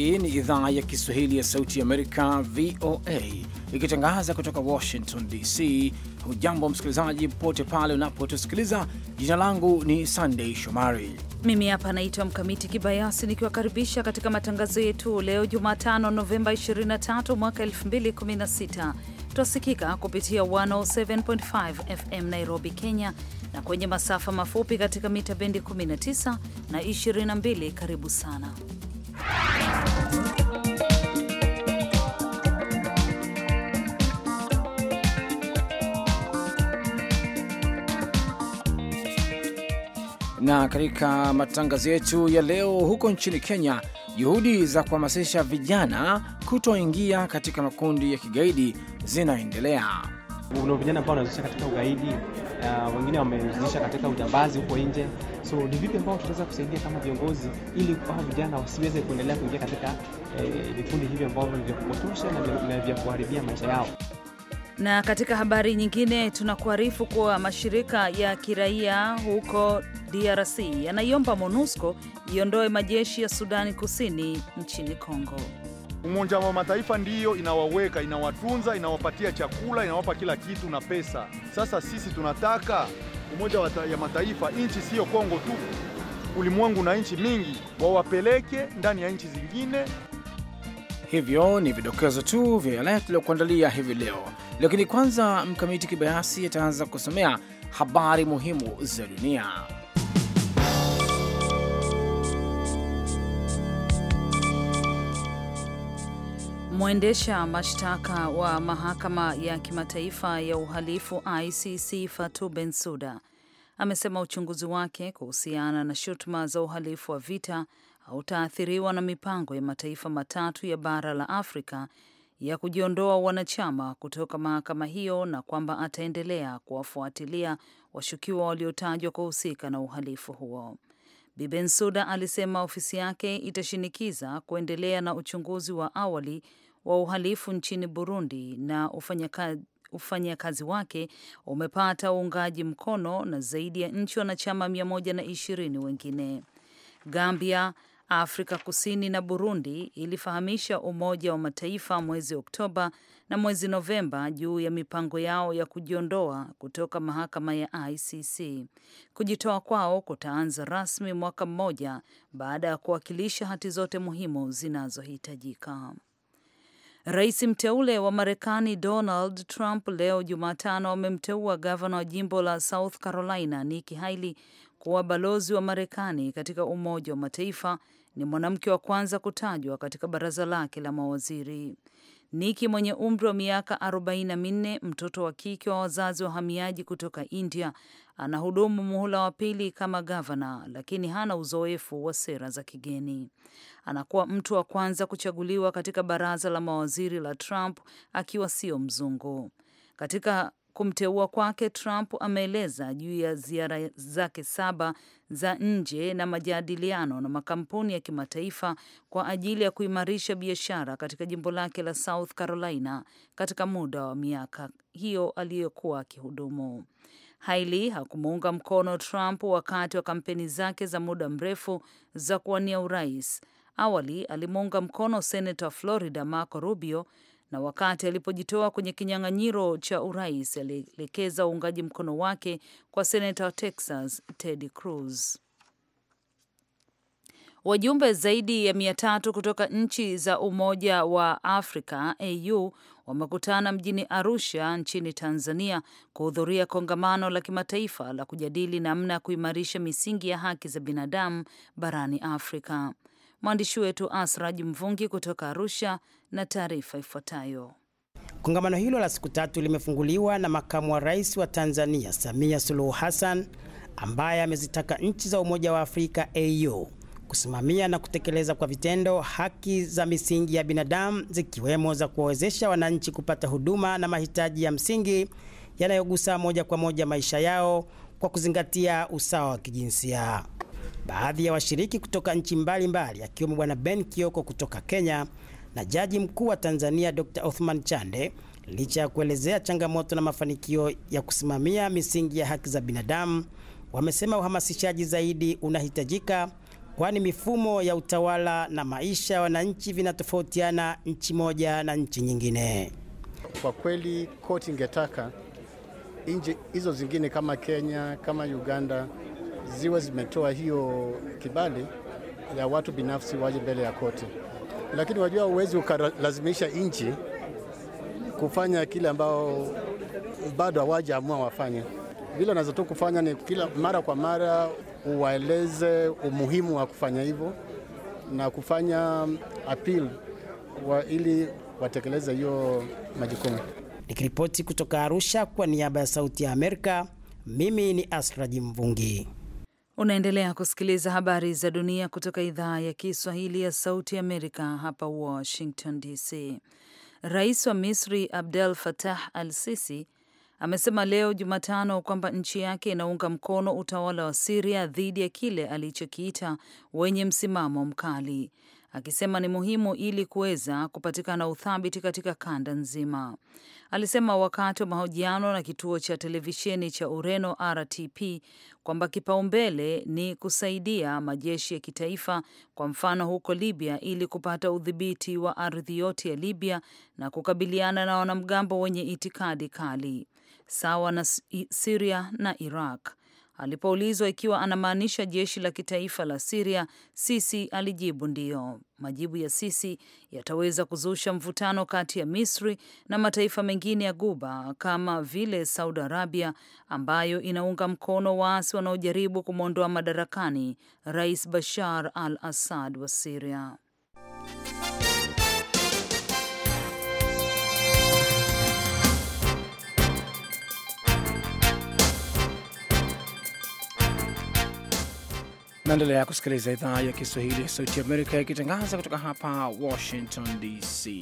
Hii ni idhaa ya Kiswahili ya Sauti ya Amerika, VOA, ikitangaza kutoka Washington DC. Hujambo msikilizaji, popote pale unapotusikiliza. Jina langu ni Sandei Shomari, mimi hapa naitwa Mkamiti Kibayasi, nikiwakaribisha katika matangazo yetu leo Jumatano, Novemba 23 mwaka 2016. Twasikika kupitia 107.5 FM Nairobi, Kenya, na kwenye masafa mafupi katika mita bendi 19 na 22. Karibu sana Na katika matangazo yetu ya leo, huko nchini Kenya, juhudi za kuhamasisha vijana kutoingia katika makundi ya kigaidi zinaendelea. Kuna vijana ambao wanazusha katika ugaidi uh, wengine wamezisha katika ujambazi huko nje. So ni vipi ambao tutaweza kusaidia kama viongozi, ili hawa vijana wasiweze kuendelea kuingia katika eh, vikundi eh, hivi ambavyo vya kupotosha na vya kuharibia maisha yao. Na katika habari nyingine tunakuarifu kuwa mashirika ya kiraia huko DRC yanaiomba MONUSCO iondoe majeshi ya Sudani Kusini nchini Kongo. Umoja wa Mataifa ndiyo inawaweka, inawatunza, inawapatia chakula, inawapa kila kitu na pesa. Sasa sisi tunataka Umoja wa Mataifa, nchi siyo Kongo tu, ulimwengu na nchi mingi, wawapeleke ndani ya nchi zingine Hivyo ni vidokezo tu vya yale tuliokuandalia hivi leo, lakini kwanza Mkamiti Kibayasi ataanza kusomea habari muhimu za dunia. Mwendesha mashtaka wa mahakama ya kimataifa ya uhalifu ICC Fatou Bensouda amesema uchunguzi wake kuhusiana na shutuma za uhalifu wa vita hautaathiriwa na mipango ya mataifa matatu ya bara la Afrika ya kujiondoa wanachama kutoka mahakama hiyo na kwamba ataendelea kuwafuatilia washukiwa waliotajwa kuhusika na uhalifu huo. bibensuda alisema ofisi yake itashinikiza kuendelea na uchunguzi wa awali wa uhalifu nchini Burundi na ufanyakazi ufanyakazi wake umepata uungaji mkono na zaidi ya nchi wanachama 120 wengine. Gambia Afrika Kusini na Burundi ilifahamisha Umoja wa Mataifa mwezi Oktoba na mwezi Novemba juu ya mipango yao ya kujiondoa kutoka mahakama ya ICC. Kujitoa kwao kutaanza rasmi mwaka mmoja baada ya kuwakilisha hati zote muhimu zinazohitajika. Rais mteule wa Marekani Donald Trump leo Jumatano amemteua gavana wa jimbo la South Carolina Nikki Haley kuwa balozi wa Marekani katika Umoja wa Mataifa ni mwanamke wa kwanza kutajwa katika baraza lake la mawaziri. Niki mwenye umri wa miaka 44, mtoto wa kike wa wazazi wahamiaji kutoka India, anahudumu muhula wa pili kama gavana, lakini hana uzoefu wa sera za kigeni. Anakuwa mtu wa kwanza kuchaguliwa katika baraza la mawaziri la Trump akiwa sio mzungu. Katika kumteua kwake Trump ameeleza juu ya ziara zake saba za nje na majadiliano na makampuni ya kimataifa kwa ajili ya kuimarisha biashara katika jimbo lake la South Carolina katika muda wa miaka hiyo aliyokuwa akihudumu. Haili hakumuunga mkono Trump wakati wa kampeni zake za muda mrefu za kuwania urais. Awali alimuunga mkono senata Florida Marco Rubio na wakati alipojitoa kwenye kinyang'anyiro cha urais alielekeza uungaji mkono wake kwa senata wa Texas Ted Cruz. Wajumbe zaidi ya mia tatu kutoka nchi za Umoja wa Afrika AU wamekutana mjini Arusha nchini Tanzania kuhudhuria kongamano la kimataifa la kujadili namna ya kuimarisha misingi ya haki za binadamu barani Afrika. Mwandishi wetu Asraj Mvungi kutoka Arusha na taarifa ifuatayo. Kongamano hilo la siku tatu limefunguliwa na makamu wa rais wa Tanzania Samia Suluhu Hassan ambaye amezitaka nchi za Umoja wa Afrika AU kusimamia na kutekeleza kwa vitendo haki za misingi ya binadamu zikiwemo za kuwawezesha wananchi kupata huduma na mahitaji ya msingi yanayogusa moja kwa moja maisha yao kwa kuzingatia usawa wa kijinsia. Baadhi ya washiriki kutoka nchi mbalimbali akiwemo Bwana Ben Kioko kutoka Kenya na Jaji Mkuu wa Tanzania Dr. Othman Chande licha ya kuelezea changamoto na mafanikio ya kusimamia misingi ya haki za binadamu, wamesema uhamasishaji zaidi unahitajika kwani mifumo ya utawala na maisha ya wananchi vinatofautiana nchi moja na nchi nyingine. Kwa kweli koti ingetaka nchi hizo zingine kama Kenya, kama Uganda ziwe zimetoa hiyo kibali ya watu binafsi waje mbele ya koti, lakini wajua, uwezi ukalazimisha nchi kufanya kile ambao bado amua wafanye. Vile unaweza tu kufanya ni kila mara kwa mara uwaeleze umuhimu wa kufanya hivyo na kufanya appeal wa ili watekeleze hiyo majukumu. Nikiripoti kutoka Arusha kwa niaba ya Sauti ya Amerika, mimi ni Asraji Mvungi. Unaendelea kusikiliza habari za dunia kutoka idhaa ya Kiswahili ya Sauti Amerika hapa Washington DC. Rais wa Misri Abdel Fattah al-Sisi amesema leo Jumatano kwamba nchi yake inaunga mkono utawala wa Siria dhidi ya kile alichokiita wenye msimamo mkali, akisema ni muhimu ili kuweza kupatikana uthabiti katika kanda nzima. Alisema wakati wa mahojiano na kituo cha televisheni cha Ureno RTP kwamba kipaumbele ni kusaidia majeshi ya kitaifa, kwa mfano huko Libya, ili kupata udhibiti wa ardhi yote ya Libya na kukabiliana na wanamgambo wenye itikadi kali sawa na Siria na Iraq. Alipoulizwa ikiwa anamaanisha jeshi la kitaifa la Siria, Sisi alijibu ndiyo. Majibu ya Sisi yataweza kuzusha mvutano kati ya Misri na mataifa mengine ya Guba kama vile Saudi Arabia, ambayo inaunga mkono waasi wanaojaribu kumwondoa madarakani Rais Bashar al Assad wa Siria. Naendelea kusikiliza idhaa ya Kiswahili ya Sauti Amerika ikitangaza kutoka hapa Washington DC.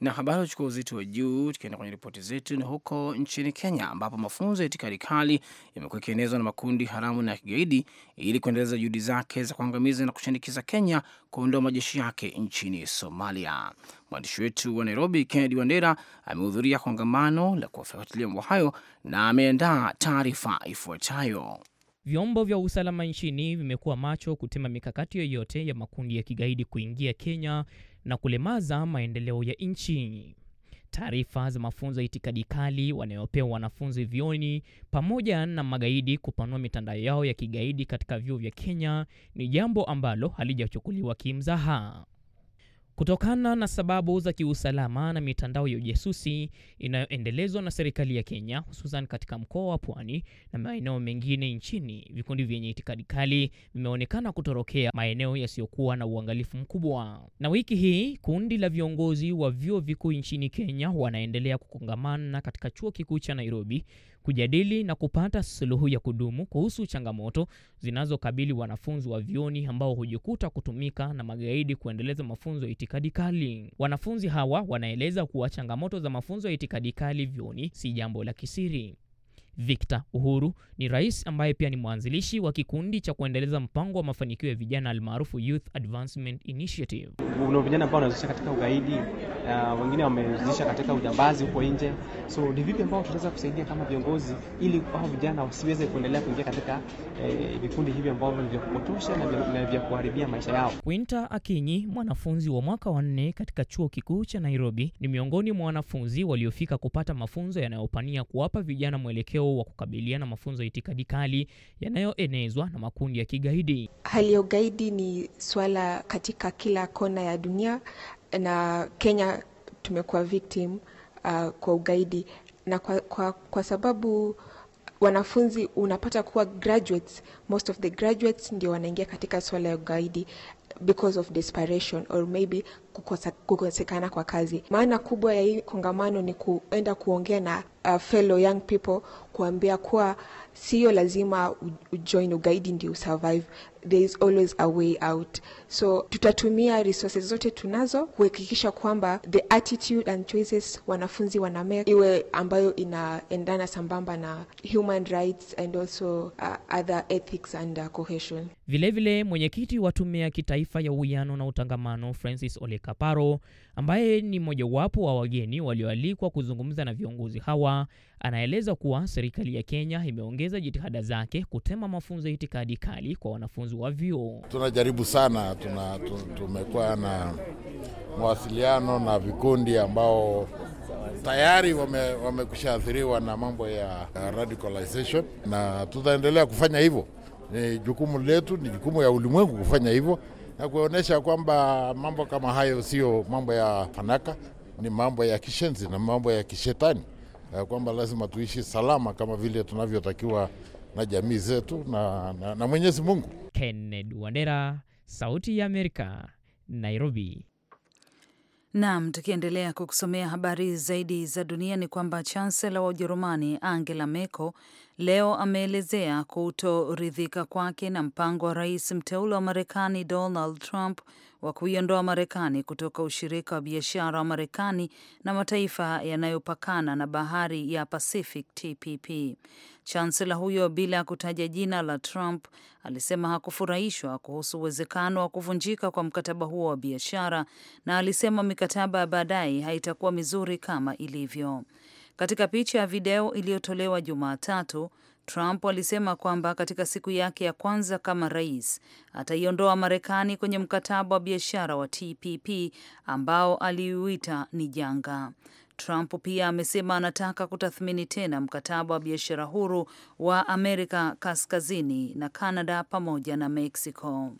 Na habari uchukua uzito wa juu, tukienda kwenye ripoti zetu, ni huko nchini Kenya ambapo mafunzo ya itikadi kali yamekuwa ikienezwa na makundi haramu na ya kigaidi ili kuendeleza juhudi zake za kuangamiza na kushinikiza Kenya kuondoa majeshi yake nchini Somalia. Mwandishi wetu wa Nairobi, Kennedy Wandera, amehudhuria kongamano la kuwafuatilia mambo hayo na ameandaa taarifa ifuatayo. Vyombo vya usalama nchini vimekuwa macho kutema mikakati yoyote ya makundi ya kigaidi kuingia Kenya na kulemaza maendeleo ya nchi. Taarifa za mafunzo ya itikadi kali wanayopewa wanafunzi vioni pamoja na magaidi kupanua mitandao yao ya kigaidi katika vyuo vya Kenya ni jambo ambalo halijachukuliwa kimzaha. Kutokana na sababu za kiusalama na mitandao ya ujasusi inayoendelezwa na serikali ya Kenya, hususan katika mkoa wa Pwani na maeneo mengine nchini, vikundi vyenye itikadi kali vimeonekana kutorokea maeneo yasiyokuwa na uangalifu mkubwa. Na wiki hii kundi la viongozi wa vyuo vikuu nchini Kenya wanaendelea kukongamana katika chuo kikuu cha Nairobi kujadili na kupata suluhu ya kudumu kuhusu changamoto zinazokabili wanafunzi wa vioni ambao hujikuta kutumika na magaidi kuendeleza mafunzo ya itikadi kali. Wanafunzi hawa wanaeleza kuwa changamoto za mafunzo ya itikadi kali vioni si jambo la kisiri. Victor Uhuru ni rais ambaye pia ni mwanzilishi wa kikundi cha kuendeleza mpango wa mafanikio ya vijana almaarufu Youth Advancement Initiative. Kuna vijana ambao wanazisha katika ugaidi, uh, wengine wamezisha katika ujambazi huko nje. So ni vipi ambao tunaweza kusaidia kama viongozi ili hao vijana wasiweze kuendelea kuingia katika eh, vikundi eh, hivi ambavyo ni vya kupotosha na vya kuharibia maisha yao. Winter Akinyi, mwanafunzi wa mwaka wa nne katika chuo kikuu cha Nairobi, ni miongoni mwa wanafunzi waliofika kupata mafunzo yanayopania kuwapa vijana mwelekeo mwelekeo wa kukabiliana mafunzo ya itikadi kali yanayoenezwa na makundi ya kigaidi. Hali ya ugaidi ni swala katika kila kona ya dunia, na Kenya tumekuwa victim uh, kwa ugaidi na kwa, kwa, kwa sababu wanafunzi unapata kuwa graduates, most of the graduates ndio wanaingia katika swala ya ugaidi because of desperation or maybe kukosekana kwa kazi. Maana kubwa ya hii kongamano ni kuenda kuongea na uh, fellow young people kuambia kuwa siyo lazima ujoin ugaidi ndio usurvive, there is always a way out. So tutatumia resources zote tunazo kuhakikisha kwamba the attitude and choices wanafunzi wanamake iwe ambayo inaendana sambamba na human rights and also uh, other ethics and uh, cohesion. Vilevile mwenyekiti wa tume ya kitaifa kimataifa ya uwiano na utangamano Francis Ole Kaparo, ambaye ni mojawapo wa wageni walioalikwa kuzungumza na viongozi hawa, anaeleza kuwa serikali ya Kenya imeongeza jitihada zake kutema mafunzo ya itikadi kali kwa wanafunzi wa vyuo. Tunajaribu sana, tuna, tumekuwa na mawasiliano na vikundi ambao tayari wamekushaathiriwa wame na mambo ya radicalization, na tutaendelea kufanya hivyo. Ni jukumu letu, ni jukumu ya ulimwengu kufanya hivyo na kuonyesha kwamba mambo kama hayo sio mambo ya fanaka, ni mambo ya kishenzi na mambo ya kishetani, kwamba lazima tuishi salama kama vile tunavyotakiwa na jamii zetu na, na, na Mwenyezi Mungu. Kennedy Wandera, Sauti ya Amerika, Nairobi. Naam, tukiendelea kukusomea habari zaidi za dunia ni kwamba chansela wa Ujerumani Angela Merkel leo ameelezea kutoridhika kwake na mpango wa rais mteule wa Marekani Donald Trump wa kuiondoa Marekani kutoka ushirika wa biashara wa Marekani na mataifa yanayopakana na bahari ya Pacific, TPP. Chansela huyo bila ya kutaja jina la Trump alisema hakufurahishwa kuhusu uwezekano wa kuvunjika kwa mkataba huo wa biashara, na alisema mikataba ya baadaye haitakuwa mizuri kama ilivyo. Katika picha ya video iliyotolewa Jumatatu, Trump alisema kwamba katika siku yake ya kwanza kama rais ataiondoa Marekani kwenye mkataba wa biashara wa TPP ambao aliuita ni janga. Trump pia amesema anataka kutathmini tena mkataba wa biashara huru wa Amerika Kaskazini na Kanada pamoja na Mexico.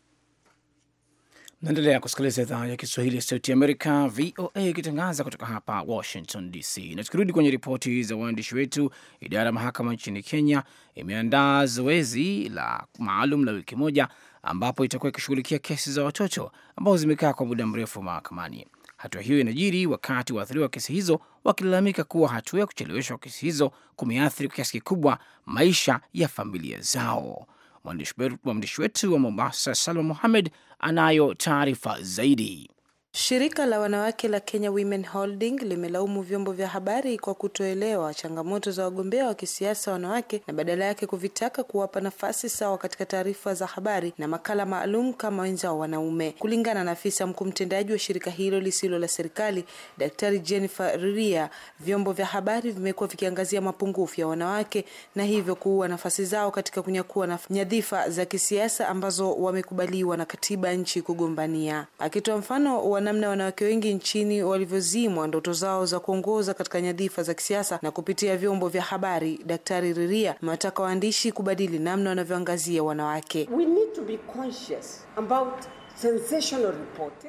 Naendelea kusikiliza idhaa ya Kiswahili ya Sauti Amerika, VOA, ikitangaza kutoka hapa Washington DC. Na tukirudi kwenye ripoti za waandishi wetu, idara ya mahakama nchini Kenya imeandaa zoezi la maalum la wiki moja ambapo itakuwa ikishughulikia kesi za watoto ambao zimekaa kwa muda mrefu mahakamani. Hatua hiyo inajiri wakati waathiriwa wa kesi hizo wakilalamika kuwa hatua ya kucheleweshwa kesi hizo kumeathiri kwa kiasi kikubwa maisha ya familia zao. Mwandishi wetu wa Mombasa, Salma Muhamed, anayo taarifa zaidi. Shirika la wanawake la Kenya Women Holding limelaumu vyombo vya habari kwa kutoelewa changamoto za wagombea wa kisiasa wanawake na badala yake kuvitaka kuwapa nafasi sawa katika taarifa za habari na makala maalum kama wenzao wanaume. Kulingana na afisa mkuu mtendaji wa shirika hilo lisilo la serikali, Daktari Jennifer Riria, vyombo vya habari vimekuwa vikiangazia mapungufu ya wanawake na hivyo kuua nafasi zao katika kunyakua na nyadhifa za kisiasa ambazo wamekubaliwa na katiba nchi kugombania. Akitoa mfano namna wanawake wengi nchini walivyozimwa ndoto zao za kuongoza katika nyadhifa za kisiasa na kupitia vyombo vya habari. Daktari Riria amewataka waandishi kubadili namna wanavyoangazia wanawake. We need to be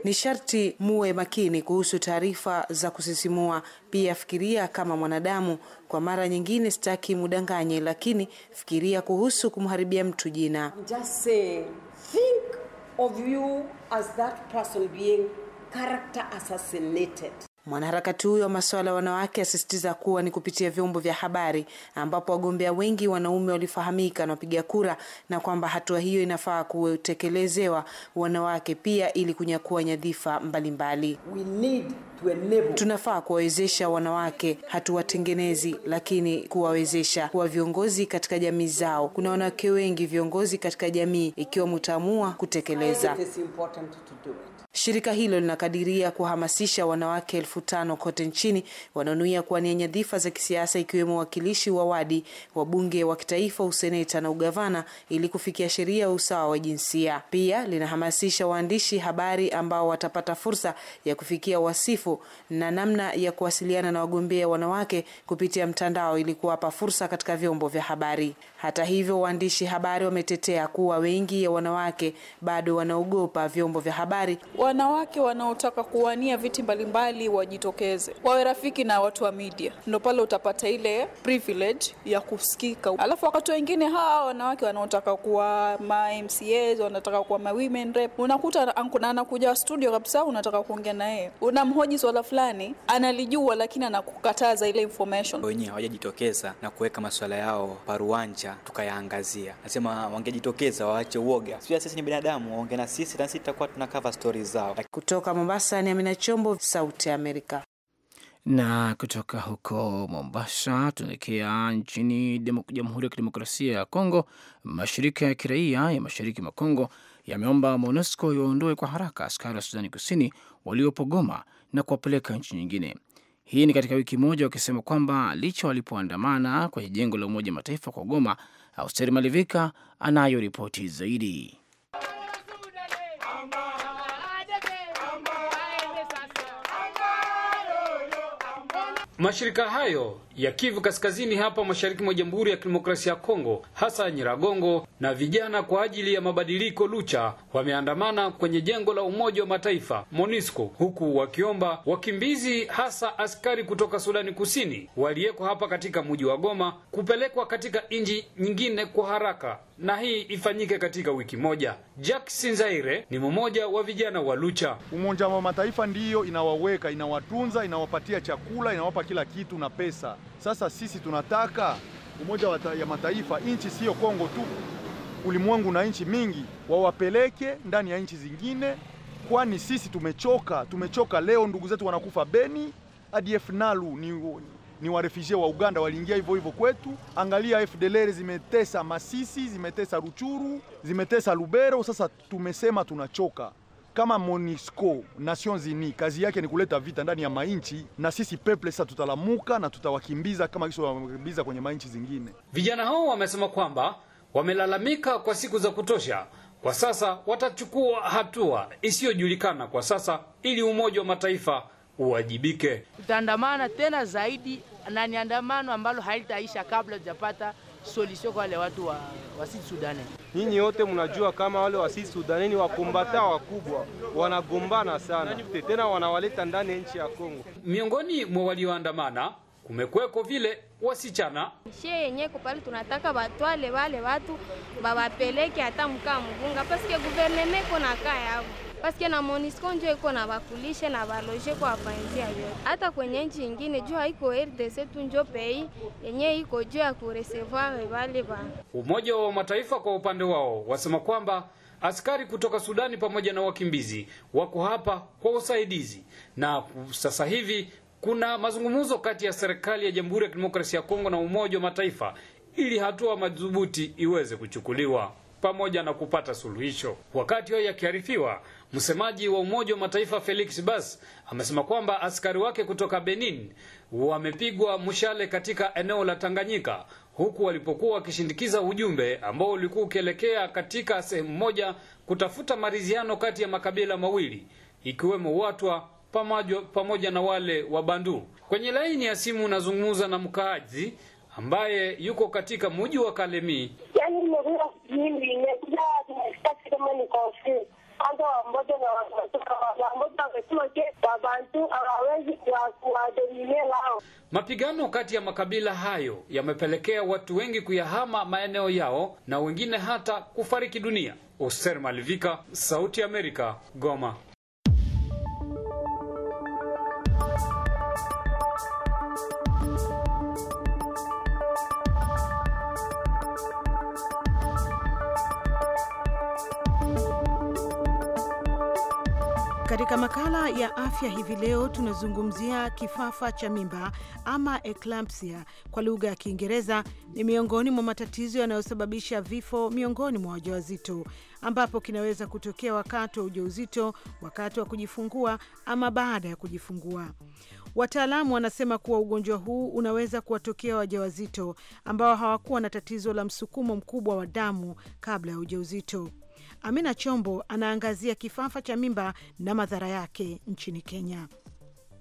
ni sharti muwe makini kuhusu taarifa za kusisimua. Pia fikiria kama mwanadamu. Kwa mara nyingine, sitaki mudanganye, lakini fikiria kuhusu kumharibia mtu jina. Just think of you as that person being character assassinated. Mwanaharakati huyo wa masuala ya wanawake asisitiza kuwa ni kupitia vyombo vya habari ambapo wagombea wengi wanaume walifahamika na wapiga kura, na kwamba hatua hiyo inafaa kutekelezewa wanawake pia ili kunyakua nyadhifa mbalimbali mbali. Tunafaa kuwawezesha wanawake, hatuwatengenezi, lakini kuwawezesha kuwa viongozi katika jamii zao. Kuna wanawake wengi viongozi katika jamii, ikiwa mutaamua kutekeleza Shirika hilo linakadiria kuhamasisha wanawake elfu tano kote nchini wanaonuia kuwania nyadhifa za kisiasa ikiwemo uwakilishi wa wadi, wabunge wa kitaifa, useneta na ugavana ili kufikia sheria ya usawa wa jinsia. Pia linahamasisha waandishi habari ambao watapata fursa ya kufikia wasifu na namna ya kuwasiliana na wagombea wanawake kupitia mtandao ili kuwapa fursa katika vyombo vya habari. Hata hivyo, waandishi habari wametetea kuwa wengi ya wanawake bado wanaogopa vyombo vya habari wanawake wanaotaka kuwania viti mbalimbali wajitokeze, wawe rafiki na watu wa media, ndo pale utapata ile privilege ya kusikika. Alafu wakati wengine hawa wanawake wanaotaka kuwa ma MCAs, wanataka kuwa ma women rep, unakuta anakuja studio kabisa, unataka kuongea naye, unamhoji swala fulani, analijua lakini anakukataza ile information. Wenyewe hawajajitokeza na kuweka maswala yao paruanja tukayaangazia, nasema wangejitokeza waache uoga, sio sisi ni binadamu, waongee na sisi, sisi tutakuwa tuna cover stories zao. Kutoka Mombasa ni Amina Chombo, Sauti ya Amerika. Na kutoka huko Mombasa tunaelekea nchini Jamhuri ya Kidemokrasia ya Kongo. Mashirika ya kiraia ya mashariki mwa Kongo yameomba MONUSCO iwaondoe kwa haraka askari wa Sudani Kusini waliopo Goma na kuwapeleka nchi nyingine. Hii ni katika wiki moja wakisema kwamba licha walipoandamana kwenye jengo la Umoja Mataifa kwa Goma. Austeri Malivika anayo ripoti zaidi. Mashirika hayo ya Kivu Kaskazini hapa mashariki mwa Jamhuri ya Kidemokrasia ya Kongo, hasa Nyiragongo na vijana kwa ajili ya mabadiliko Lucha, wameandamana kwenye jengo la Umoja wa Mataifa MONUSCO, huku wakiomba wakimbizi hasa askari kutoka Sudani Kusini waliyeko hapa katika mji wa Goma kupelekwa katika nchi nyingine kwa haraka na hii ifanyike katika wiki moja. jack sinzaire ni mmoja wa vijana wa Lucha. Umoja wa Mataifa ndiyo inawaweka, inawatunza, inawapatia chakula, inawapa kila kitu na pesa. Sasa sisi tunataka Umoja ya Mataifa, nchi siyo Kongo tu, ulimwengu na nchi mingi wawapeleke ndani ya nchi zingine, kwani sisi tumechoka. Tumechoka leo ndugu zetu wanakufa Beni, ADF Nalu ni ni warefujie wa Uganda waliingia hivyo hivyo kwetu. Angalia FDLR zimetesa Masisi, zimetesa Ruchuru, zimetesa Lubero. Sasa tumesema tunachoka. Kama Monisco Nations Unies kazi yake ni kuleta vita ndani ya mainchi, na sisi peple sasa tutalamuka na tutawakimbiza kama kisha wakimbiza kwenye mainchi zingine. Vijana hao wamesema kwamba wamelalamika kwa siku za kutosha, kwa sasa watachukua hatua isiyojulikana kwa sasa ili Umoja wa Mataifa uwajibike. Tutaandamana tena zaidi na ni andamano ambalo halitaisha kabla tujapata solusio kwa wale watu wa, wa Sud Sudan. Nyinyi wote mnajua kama wale wa Sud Sudan ni wakombata wakubwa, wanagombana sana tena wanawaleta ndani ya nchi ya Kongo. Miongoni mwa walioandamana kumekweko vile wasichana shie yenye kupali tunataka batwale wale watu babapeleke hata mkaa mgunga paske guverneme kona kaa paske na Monisco njo iko na bakulishe na baloje kwa afanzia yote, hata kwenye nchi ingine juu haiko RDC tu njo pei yenye iko juu ya kuresevoir wale ba. Umoja wa Mataifa kwa upande wao wasema kwamba askari kutoka Sudani pamoja na wakimbizi wako hapa kwa usaidizi, na sasa hivi kuna mazungumzo kati ya serikali ya Jamhuri ya Kidemokrasia ya Kongo na Umoja wa Mataifa ili hatua madhubuti iweze kuchukuliwa pamoja na kupata suluhisho. Wakati hayo yakiharifiwa Msemaji wa Umoja wa Mataifa Felix Bas amesema kwamba askari wake kutoka Benin wamepigwa mshale katika eneo la Tanganyika huku walipokuwa wakishindikiza ujumbe ambao ulikuwa ukielekea katika sehemu moja kutafuta maridhiano kati ya makabila mawili ikiwemo Watwa pamoja, pamoja na wale wa Bandu. Kwenye laini ya simu unazungumza na mkaaji ambaye yuko katika mji wa Kalemie. Yaani, wamoja wamesema ke wabantu hawawezi lao. Mapigano kati ya makabila hayo yamepelekea watu wengi kuyahama maeneo yao na wengine hata kufariki dunia. Oser Malivika, Sauti ya Amerika, Goma. makala ya afya hivi leo tunazungumzia kifafa cha mimba ama eclampsia kwa lugha ya Kiingereza. Ni miongoni mwa matatizo yanayosababisha vifo miongoni mwa wajawazito, ambapo kinaweza kutokea wakati wa ujauzito, wakati wa kujifungua ama baada ya kujifungua. Wataalamu wanasema kuwa ugonjwa huu unaweza kuwatokea wajawazito ambao hawakuwa na tatizo la msukumo mkubwa wa damu kabla ya ujauzito. Amina Chombo anaangazia kifafa cha mimba na madhara yake nchini Kenya.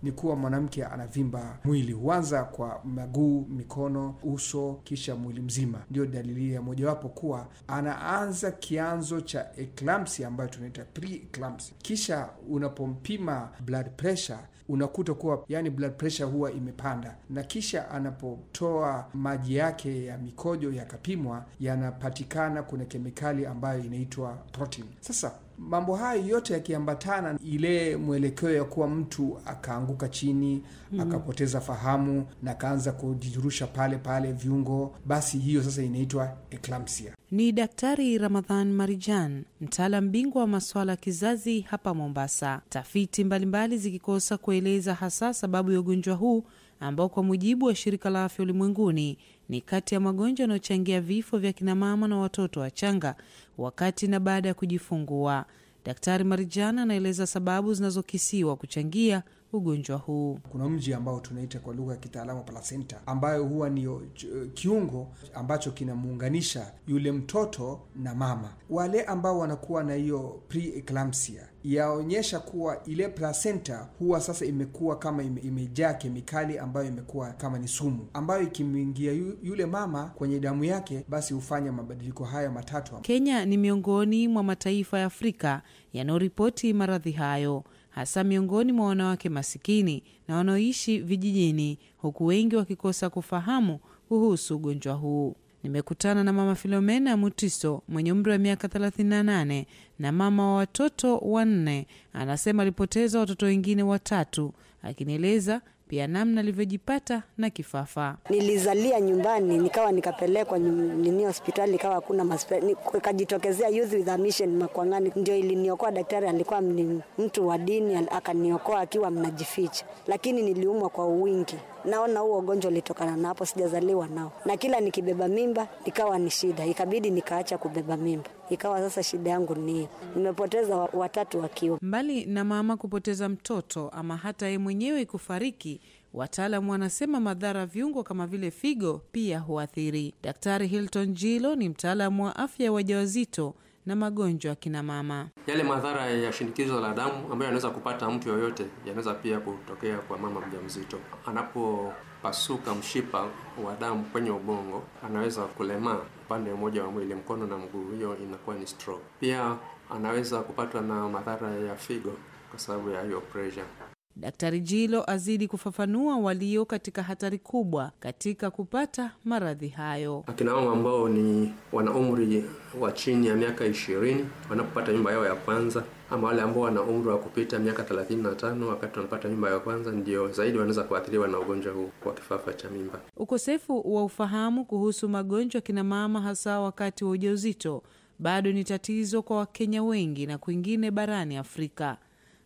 Ni kuwa mwanamke anavimba mwili, huanza kwa maguu, mikono, uso, kisha mwili mzima. Ndiyo dalili ya mojawapo kuwa anaanza kianzo cha eklamsi ambayo tunaita pre-eklamsi. Kisha unapompima blood pressure unakuta kuwa yani blood pressure huwa imepanda, na kisha anapotoa maji yake ya mikojo yakapimwa, yanapatikana kuna kemikali ambayo inaitwa protein. Sasa mambo hayo yote yakiambatana ile mwelekeo ya kuwa mtu akaanguka chini mm. akapoteza fahamu na akaanza kujirusha pale pale viungo, basi hiyo sasa inaitwa eklamsia Ni Daktari Ramadhan Marijan, mtaalam bingwa wa masuala ya kizazi hapa Mombasa, tafiti mbalimbali zikikosa kueleza hasa sababu ya ugonjwa huu ambao kwa mujibu wa Shirika la Afya Ulimwenguni ni kati ya magonjwa yanayochangia vifo vya kinamama na watoto wachanga wakati na baada ya kujifungua. Daktari Marijana anaeleza sababu zinazokisiwa kuchangia ugonjwa huu. Kuna mji ambao tunaita kwa lugha ya kitaalamu placenta, ambayo huwa ni uh, kiungo ambacho kinamuunganisha yule mtoto na mama. Wale ambao wanakuwa na hiyo preeclampsia yaonyesha kuwa ile placenta huwa sasa imekuwa kama ime, imejaa kemikali ambayo imekuwa kama ni sumu ambayo ikimwingia yule mama kwenye damu yake basi hufanya mabadiliko hayo matatu. Kenya ni miongoni mwa mataifa ya Afrika yanayoripoti maradhi hayo hasa miongoni mwa wanawake masikini na wanaoishi vijijini, huku wengi wakikosa kufahamu kuhusu ugonjwa huu. Nimekutana na mama Filomena Mutiso mwenye umri wa miaka 38 na mama wa watoto wanne. Anasema alipoteza watoto wengine watatu, akinieleza pia namna alivyojipata na kifafa. Nilizalia nyumbani nikawa nikapelekwa nini hospitali ikawa hakuna kajitokezea Youth with a Mission Makwangani, ndio iliniokoa. Daktari alikuwa ni mtu wa dini, akaniokoa akiwa mnajificha, lakini niliumwa kwa uwingi Naona huo ugonjwa ulitokana na hapo, sijazaliwa nao, na kila nikibeba mimba ikawa ni shida, ikabidi nikaacha kubeba mimba ikawa sasa shida yangu ni nimepoteza watatu wakiwa mbali na mama kupoteza mtoto ama hata yeye mwenyewe kufariki. Wataalamu wanasema madhara viungo kama vile figo pia huathiri. Daktari Hilton Jilo ni mtaalamu wa afya ya wajawazito na magonjwa kina mama. Yale madhara ya shinikizo la damu ambayo yanaweza kupata mtu yoyote yanaweza pia kutokea kwa mama mjamzito anapo pasuka mshipa wa damu kwenye ubongo, anaweza kulemaa upande mmoja wa mwili, mkono na mguu. Hiyo inakuwa ni stroke. Pia anaweza kupatwa na madhara ya figo kwa sababu ya hiyo pressure. Daktari Jilo azidi kufafanua walio katika hatari kubwa katika kupata maradhi hayo. Akina mama ambao ni wana umri wa chini ya miaka ishirini wanapopata nyumba yao ya kwanza, ama wale ambao wana umri wa kupita miaka thelathini na tano wakati wanapata nyumba ya kwanza, ndio zaidi wanaweza kuathiriwa na ugonjwa huu wa kifafa cha mimba. Ukosefu wa ufahamu kuhusu magonjwa kina mama, hasa wakati wa ujauzito, bado ni tatizo kwa Wakenya wengi na kwingine barani Afrika.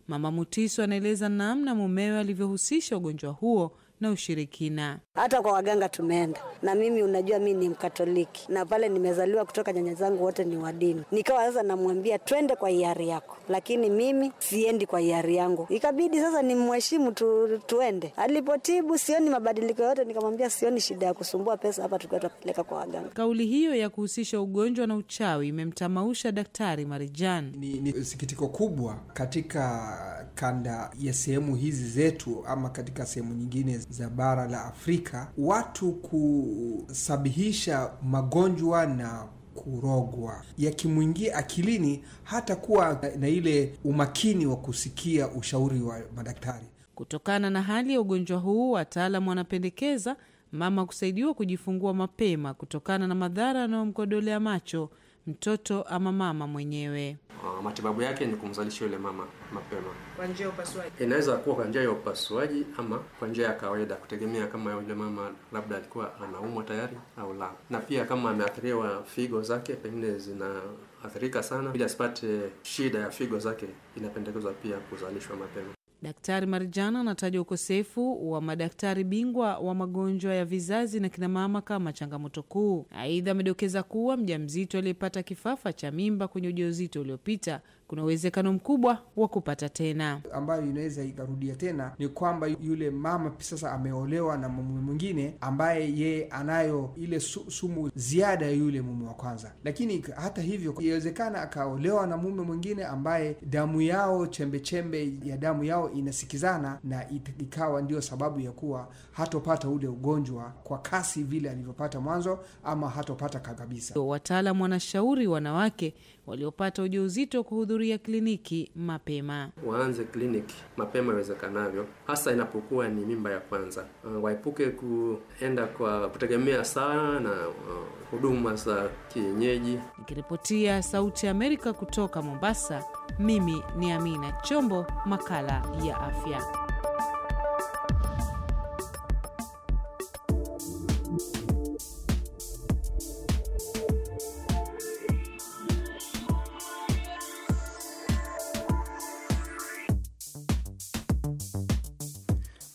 Mama Mutiso anaeleza namna mumewe alivyohusisha ugonjwa huo na ushirikina. Hata kwa waganga tumeenda, na mimi unajua, mi ni Mkatoliki na pale nimezaliwa kutoka nyanya zangu wote ni wa dini. Nikawa sasa namwambia twende kwa hiari yako, lakini mimi siendi kwa hiari yangu. Ikabidi sasa nimheshimu tu, tuende. Alipotibu sioni mabadiliko yote, nikamwambia sioni shida ya kusumbua pesa hapa tukiwa tapeleka kwa waganga. Kauli hiyo ya kuhusisha ugonjwa na uchawi imemtamausha Daktari Marijan. Ni, ni sikitiko kubwa katika kanda ya sehemu hizi zetu ama katika sehemu nyingine za bara la Afrika Afrika watu kusabihisha magonjwa na kurogwa yakimwingia akilini, hata kuwa na ile umakini wa kusikia ushauri wa madaktari. Kutokana na hali ya ugonjwa huu, wataalamu wanapendekeza mama kusaidiwa kujifungua mapema kutokana na madhara yanayomkodolea macho mtoto ama mama mwenyewe. Uh, matibabu yake ni kumzalisha yule mama mapema kwa njia ya upasuaji. Inaweza kuwa kwa njia ya upasuaji ama kwa njia ya kawaida, kutegemea kama yule mama labda alikuwa anaumwa tayari au la, na pia kama ameathiriwa figo zake pengine zinaathirika sana, ili asipate shida ya figo zake, inapendekezwa pia kuzalishwa mapema. Daktari Marijana anataja ukosefu wa madaktari bingwa wa magonjwa ya vizazi na kinamama kama changamoto kuu. Aidha, amedokeza kuwa mjamzito aliyepata kifafa cha mimba kwenye ujauzito uliopita kuna uwezekano mkubwa wa kupata tena. Ambayo inaweza ikarudia tena ni kwamba yule mama sasa ameolewa na mume mwingine ambaye yeye anayo ile su, sumu ziada ya yule mume wa kwanza, lakini hata hivyo inawezekana akaolewa na mume mwingine ambaye damu yao chembechembe chembe ya damu yao inasikizana na ikawa ndio sababu ya kuwa hatopata ule ugonjwa kwa kasi vile alivyopata mwanzo, ama hatopata kabisa. Wataalam wanashauri wanawake waliopata ujauzito kuhudhuria kliniki mapema. Waanze kliniki mapema iwezekanavyo, hasa inapokuwa ni mimba ya kwanza. Uh, waepuke kuenda kwa kutegemea sana uh, huduma za kienyeji. Nikiripotia Sauti ya Amerika kutoka Mombasa, mimi ni Amina Chombo, makala ya afya.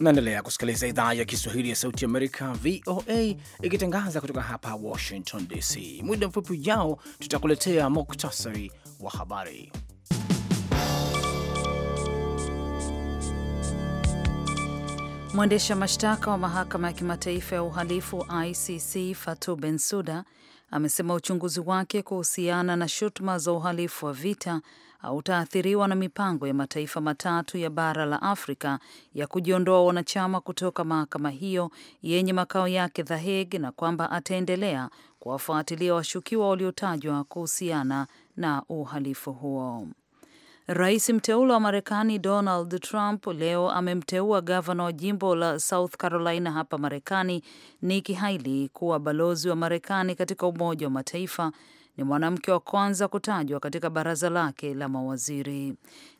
Naendelea kusikiliza idhaa ya Kiswahili ya Sauti Amerika, VOA, ikitangaza kutoka hapa Washington DC. Muda mfupi ujao, tutakuletea muktasari wa habari. Mwendesha mashtaka wa mahakama ya kimataifa ya uhalifu ICC Fatou Bensouda amesema uchunguzi wake kuhusiana na shutuma za uhalifu wa vita hautaathiriwa na mipango ya mataifa matatu ya bara la Afrika ya kujiondoa wanachama kutoka mahakama hiyo yenye makao yake The Hague na kwamba ataendelea kuwafuatilia washukiwa waliotajwa kuhusiana na uhalifu huo. Rais mteule wa Marekani Donald Trump leo amemteua gavana wa jimbo la South Carolina hapa Marekani Nikki Haley kuwa balozi wa Marekani katika Umoja wa Mataifa ni mwanamke wa kwanza kutajwa katika baraza lake la mawaziri.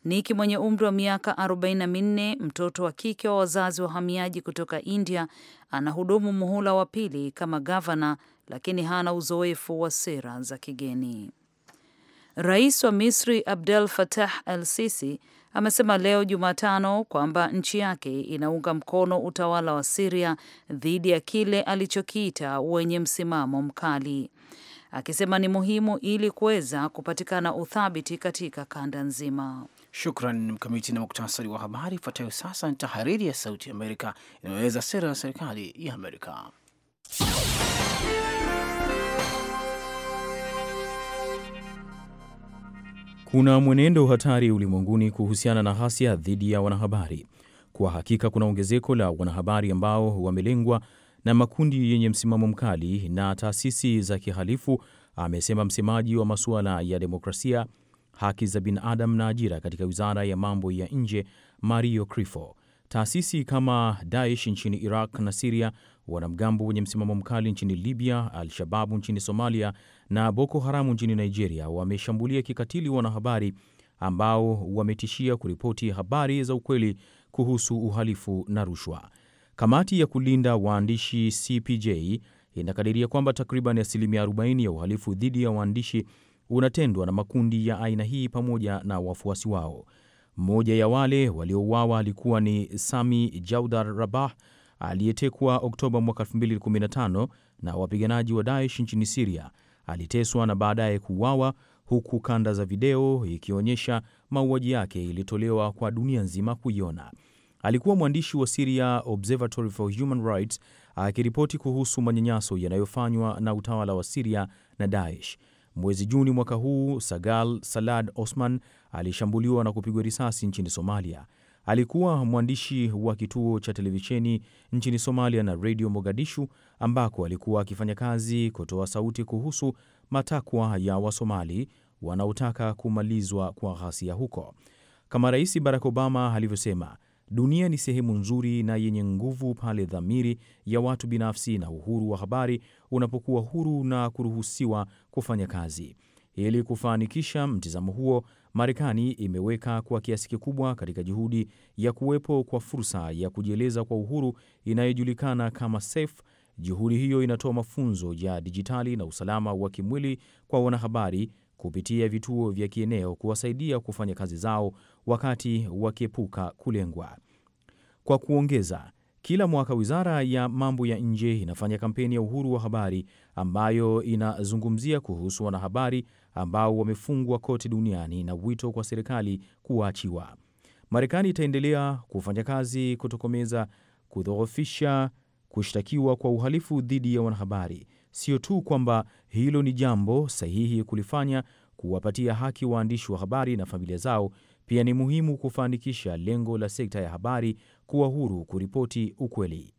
Niki mwenye umri wa miaka 44, mtoto wa kike wa wazazi wahamiaji kutoka India, anahudumu muhula wa pili kama gavana, lakini hana uzoefu wa sera za kigeni. Rais wa Misri Abdel Fattah al-Sisi amesema leo Jumatano kwamba nchi yake inaunga mkono utawala wa Siria dhidi ya kile alichokiita wenye msimamo mkali akisema ni muhimu ili kuweza kupatikana uthabiti katika kanda nzima. Shukran Mkamiti na muktasari wa habari. Ifuatayo sasa ni tahariri ya Sauti ya Amerika inayoeleza sera ya serikali ya Amerika. Kuna mwenendo hatari ulimwenguni kuhusiana na ghasia dhidi ya wanahabari. Kwa hakika kuna ongezeko la wanahabari ambao wamelengwa na makundi yenye msimamo mkali na taasisi za kihalifu, amesema msemaji wa masuala ya demokrasia, haki za binadamu na ajira katika wizara ya mambo ya nje Mario Crifo. Taasisi kama Daesh nchini Iraq na Siria, wanamgambo wenye msimamo mkali nchini Libya, Al-Shababu nchini Somalia na Boko Haramu nchini Nigeria wameshambulia kikatili wanahabari ambao wametishia kuripoti habari za ukweli kuhusu uhalifu na rushwa. Kamati ya kulinda waandishi CPJ inakadiria kwamba takriban asilimia 40 ya uhalifu dhidi ya waandishi unatendwa na makundi ya aina hii pamoja na wafuasi wao. Mmoja ya wale waliouawa alikuwa ni Sami Jaudar Rabah aliyetekwa Oktoba mwaka 2015 na wapiganaji wa Daesh nchini Siria. Aliteswa na baadaye kuuawa, huku kanda za video ikionyesha mauaji yake ilitolewa kwa dunia nzima kuiona. Alikuwa mwandishi wa Syria Observatory for Human Rights akiripoti kuhusu manyanyaso yanayofanywa na utawala wa Syria na Daesh. Mwezi Juni mwaka huu, Sagal Salad Osman alishambuliwa na kupigwa risasi nchini Somalia. Alikuwa mwandishi wa kituo cha televisheni nchini Somalia na radio Mogadishu, ambako alikuwa akifanya kazi kutoa sauti kuhusu matakwa ya Wasomali wanaotaka kumalizwa kwa ghasia huko. Kama Rais Barack Obama alivyosema Dunia ni sehemu nzuri na yenye nguvu pale dhamiri ya watu binafsi na uhuru wa habari unapokuwa huru na kuruhusiwa kufanya kazi. Ili kufanikisha mtizamo huo, Marekani imeweka kwa kiasi kikubwa katika juhudi ya kuwepo kwa fursa ya kujieleza kwa uhuru inayojulikana kama SAFE. Juhudi hiyo inatoa mafunzo ya dijitali na usalama wa kimwili kwa wanahabari kupitia vituo vya kieneo, kuwasaidia kufanya kazi zao wakati wakiepuka kulengwa. Kwa kuongeza, kila mwaka wizara ya mambo ya nje inafanya kampeni ya uhuru wa habari ambayo inazungumzia kuhusu wanahabari ambao wamefungwa kote duniani na wito kwa serikali kuwaachiwa. Marekani itaendelea kufanya kazi kutokomeza, kudhoofisha kushtakiwa kwa uhalifu dhidi ya wanahabari. Sio tu kwamba hilo ni jambo sahihi kulifanya, kuwapatia haki waandishi wa habari na familia zao, pia ni muhimu kufanikisha lengo la sekta ya habari kuwa huru kuripoti ukweli.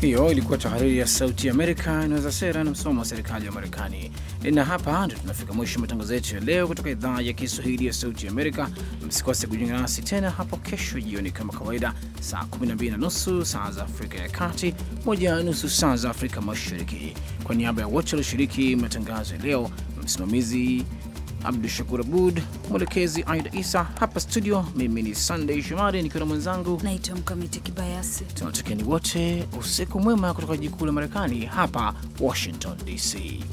Hiyo ilikuwa tahariri ya Sauti ya Amerika inaweza sera na msomo wa serikali ya Marekani. Na hapa ndio tunafika mwisho matangazo yetu ya leo kutoka idhaa ya Kiswahili ya Sauti ya Amerika. Msikose kujiunga nasi tena hapo kesho jioni kama kawaida, saa 12 na nusu saa za Afrika ya Kati, moja na nusu saa za Afrika Mashariki. Kwa niaba ya wote walioshiriki matangazo ya leo, msimamizi Abdu Shakur Abud, mwelekezi Aida Isa hapa studio. Mimi ni Sunday Shomari nikiwa na mwenzangu naitwa Mkamiti Kibayasi. Tunatakieni wote usiku mwema kutoka jikuu la Marekani, hapa Washington DC.